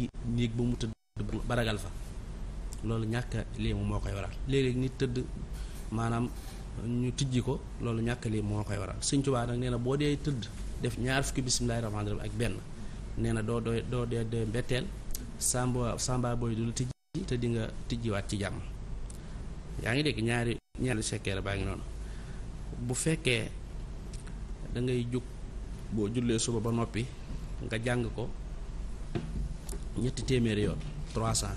ci néeg ba mu tëdd ba ragal fa loolu ñàkk a moo koy waral léeg-léeg nit tëdd maanaam ñu tijji ko loolu ñàkk lii moo koy waral Sëñ Tuubaa nag nee na boo dee tëdd def ñaar fukki bismillaahi rahmaani rahiim ak benn nee na doo doo doo dee dee mbetteel samba samba booy du tijji te di nga tijjiwaat ci jàmm yaa ngi dégg ñaari ñaari sekkeer baa ngi noonu bu fekkee dangay ngay jóg boo jullee suba ba noppi nga jàng ko ñetti téeméeri yoon trois cent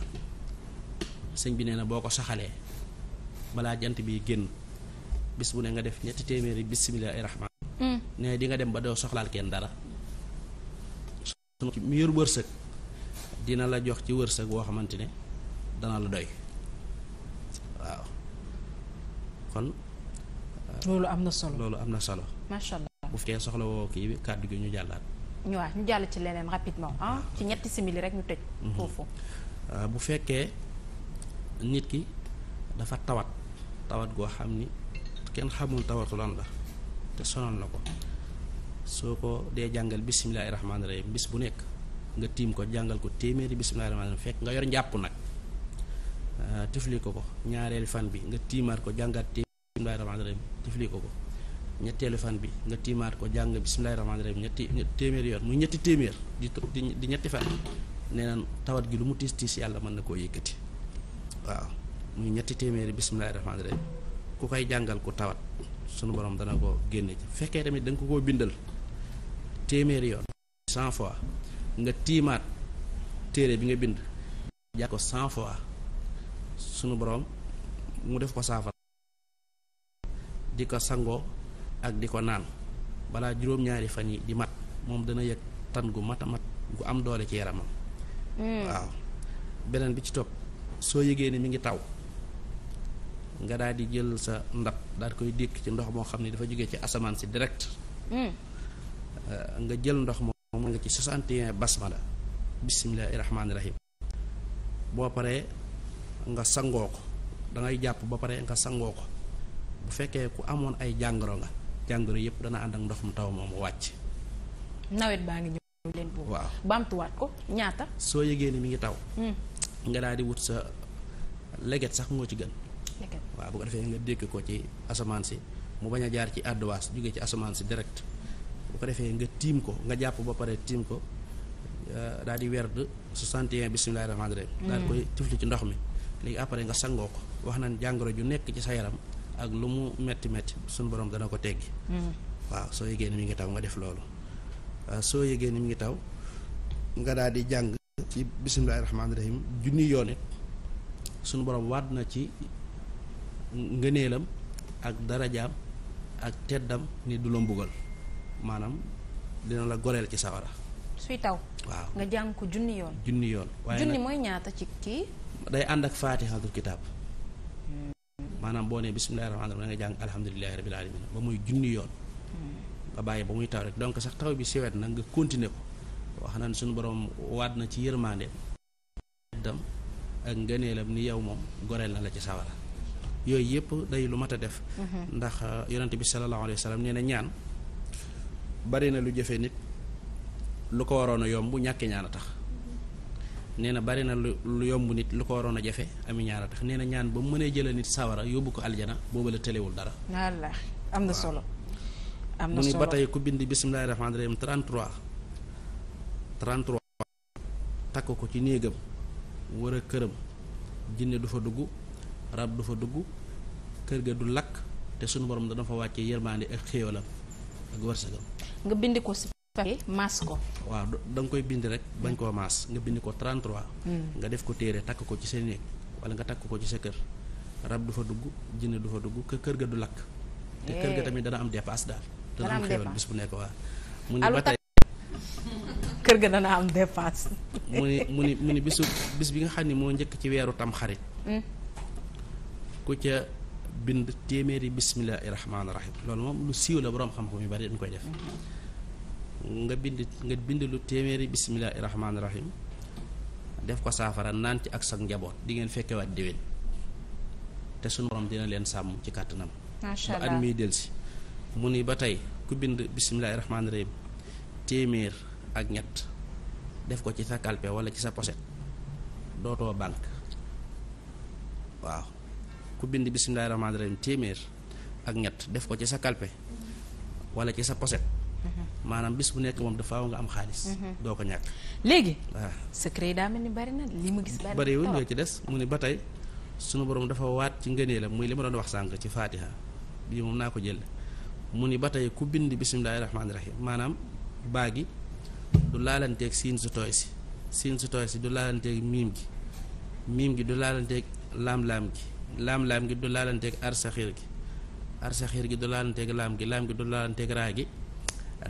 sëñ bi nee na boo ko saxalee balaa jant bi génn bis bu ne nga def ñetti téeméeri bisimilah irrahman mm. ne di dem ba doo soxlaal kenn dara mu yor wërsëg dina la jox ci wërsëg woo xamante ne dana la doy waaw kon loolu am na solo loolu am na solo macha allah bu fekkee soxla woo kii kàddu gi ñu jàllaat ñu waa ñu jàll ci leneen rapidement ah ci ñetti simili rek ñu tëj mhm. foofu euh, bu fekkee nit ki dafa tawat tawat goo xam ni kenn xamul tawatu lan la te sonal na ko soo ko dee jàngal bisimilahi rahmaani rahim bis bu nekk nga tiim ko jàngal ko téeméeri bisimilahi rahmaani rahim fekk nga yor njàpp nag euh, tifli ko ko ñaareelu fan bi nga tiimaat ko jàngaat téeméeri bisimilahi rahmaani rahim tifli ko ko ñetteelu fan bi nga tiimaat ko jàng bisimilahi rahmaani rahim ñetti téeméer yoon muy ñetti téeméer di di ñetti fan nee na tawat gi lu mu tiis tiis yàlla mën na koo yëkkati waaw muy ñetti téeméeri bisimilahi rahmaani rahim ku koy jàngal ku tawat sunu borom dana ko génne ci fekkee tamit da ko koo bindal téeméeri yoon cent fois nga tiimaat téere bi nga bind jàng ko cent fois sunu borom mu def ko saafara di ko sangoo ak di ko naan balaa juróom-ñaari fan yi di mat moom dana yëg tan gu mat a mat gu am doole ci yaramam. Hmm. waaw beneen bi ci topp soo yëgee ni mi ngi taw nga daal di jël sa ndab daal koy dékk ci ndox moo xam ne dafa jóge ci asamaan si direct. Hmm. Euh, nga jël ndox moom nga ci 61 basmala bismillaahi rahmaani rahim boo paree nga sangoo ko da jàpp ba pare nga sangoo ko bu fekkee ku amoon ay jàngoro nga. jàngoro yépp dana ànd ak ndox mu taw mu wàcc. nawet baa ngi ñëw leen boobu. waaw bamtuwaat ko ñaata. soo yëgee ni mi ngi taw. Hmm. nga daal di wut sa leget sax moo ci gën. waaw bu ko defee nga dékk ko ci asamaan si mu a jaar ci àdduwaas jóge ci asamaan si direct. bu ko defee nga tiim ko nga jàpp ba pare tiim ko euh, daal di werd 61 bisimilah rahmaani rahim. Hmm. daal di koy tifli ci ndox mi léegi après nga sangoo ko wax nañ jàngoro ju nekk ci sa yaram. ak lu mu metti metti suñu borom dana ko teggi hmm. waaw soo yëgee ni mi ngi taw nga def loolu waaw soo yëgee ni mi ngi taw nga daal di jàng ci bisimilahi rahmaani rahim junni yoon it suñu borom waat na ci ngëneelam ak darajaam ak teddam ni du la mbugal maanaam dina la goreel ci sawara suy taw waaw nga jàng ko junni yoon junni yoon junni mooy ñaata ci kii day ànd ak faatixatul kitaab maanaam boo nee bismillahi rahmaani rahiim da nga jàng alhamdulilahi rabil alamin ba muy junni yoon nga bàyyi ba muy taw rek donc sax taw bi siwet nag nga continuer ko wax nan suñu borom waat na ci yërmande dam ak ngëneelam ni yow moom goreel na la ci sawara yooyu yëpp day lu mat a def mm-hmm. ndax euh, yonente bi sallallahu alayhi wa na ñaan bari lu jëfe nit lu ko waroon a yomb ñàkke ñaan a nee na bari na lu lu yomb nit lu ko waroon a jafe ami ñaara tax nee na ñaan ba mu mënee jëlee nit sawara yóbbu ko aljana booba la tëlewul dara. wallaahi am na solo. am na solo mu ni ba tey ku bind bismillaahi rahmaani rahiim 33. 33. takk ko ci néegam wara këram jinne du fa dugg rab du fa dugg kër ga du lakk te sunu borom dana fa wàccee yërmaande ak xéewalam ak wërsëgam. nga bind ko si fexe maas ko. waaw da koy bind rek bañ koo maas nga bind ko 33. Hmm. nga def ko téere takk ko ci seen néeg wala nga takk ko ci sa kër rab du fa dugg jinne du fa dugg kër ga du lakk. te kër ga eh. tamit dana am dépasse daal. dana bu nekk waaw. mu ni ba tey kër ga mu ni bisu bis bi nga xam ne moo njëkk ci weeru tam xarit. Hmm. ku ca bind téeméeri bisimilah rahmaani rahim loolu moom lu siiw la borom xam-xam yu bari dañ koy def. Hmm. nga bind nga bind lu téeméeri bisimilah irrahmaani rahim def ko saafara naan ci ak sa njaboot di ngeen fekkewaat déwén te sunu borom dina leen sàmm ci kàttanam. macha allah ba at miy delsi mu ni ba tey ku bind bisimilah irrahmaani rahim téeméer ak ñett def ko ci sa kalpe wala ci sa poset dootoo banque waaw ku bind bisimilah irrahmaani téeméer ak ñett def ko ci sa kalpe wala ci sa poset. maanaam bis bu nekk moom dafaaw nga am xaalis. Mhm. doo ko ñàkk. léegi. waaw ah. secret daa mel ni bari na li ma gis. bari na ci des mu ne ba tey sunu borom dafa waat ci ngëneelam muy li ma doon wax sànq ci Fatiha bii moom naa ko jël mu ni ba tey ku bind bisimilahi rahmaani rahim maanaam baa gi du laalanteeg siin su tooy si siin su tooy si du laalanteeg miim gi miim gi du laalanteeg laam-laam gi laam-laam gi du laalanteeg arsaxiir gi arsaxiir gi du laalanteeg laam gi laam gi du laalanteeg raa gi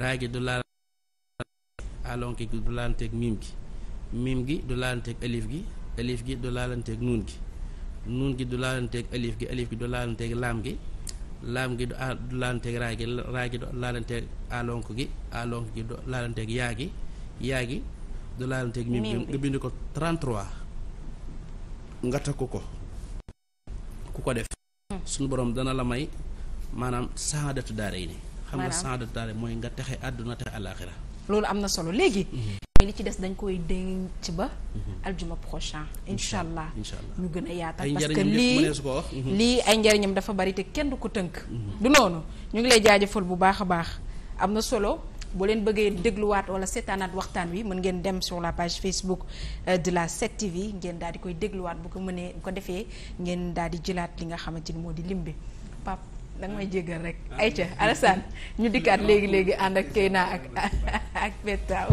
raa gi du laal alonki gi laalanteeg miim gi miim gi du laalanteeg alif gi alif gi du laalanteeg nuun gi du laalanteeg alif gi alif gi du laalanteeg laam gi laam gi du du laalanteeg raa gi raa gi du laalanteeg alonk gi alonk gi du laalanteeg yaa gi yaa gi du laalanteeg miim gi nga bind ko 33 nga takku ko ku ko def hmm. suñu borom dana la may maanaam saadatu daara yi xam nga saada taale mooy nga texe àdduna te àllaaxira loolu am na solo léegi mhm. li ci des dañ koy denc ba mhm. aljuma prochain incha allah ñu gën a yaatal parce que lii mhm. lii ay njariñam dafa bari te kenn du ko tënk du noonu ñu ngi lay jaajëfal bu baax a baax am na solo boo leen bëggee dégluwaat wala seetaanaat waxtaan wi mën ngeen dem sur la page Facebook euh, de la 7TV ngeen daal di koy dégluwaat bu ko mënee bu ko defee ngeen daal di jëlaat li nga xamante ni moo di lim bi danga may jéggal rek. ayca Alassane ñu dikkaat léegi léegi ànd ak Keina ak ak Bettaaw.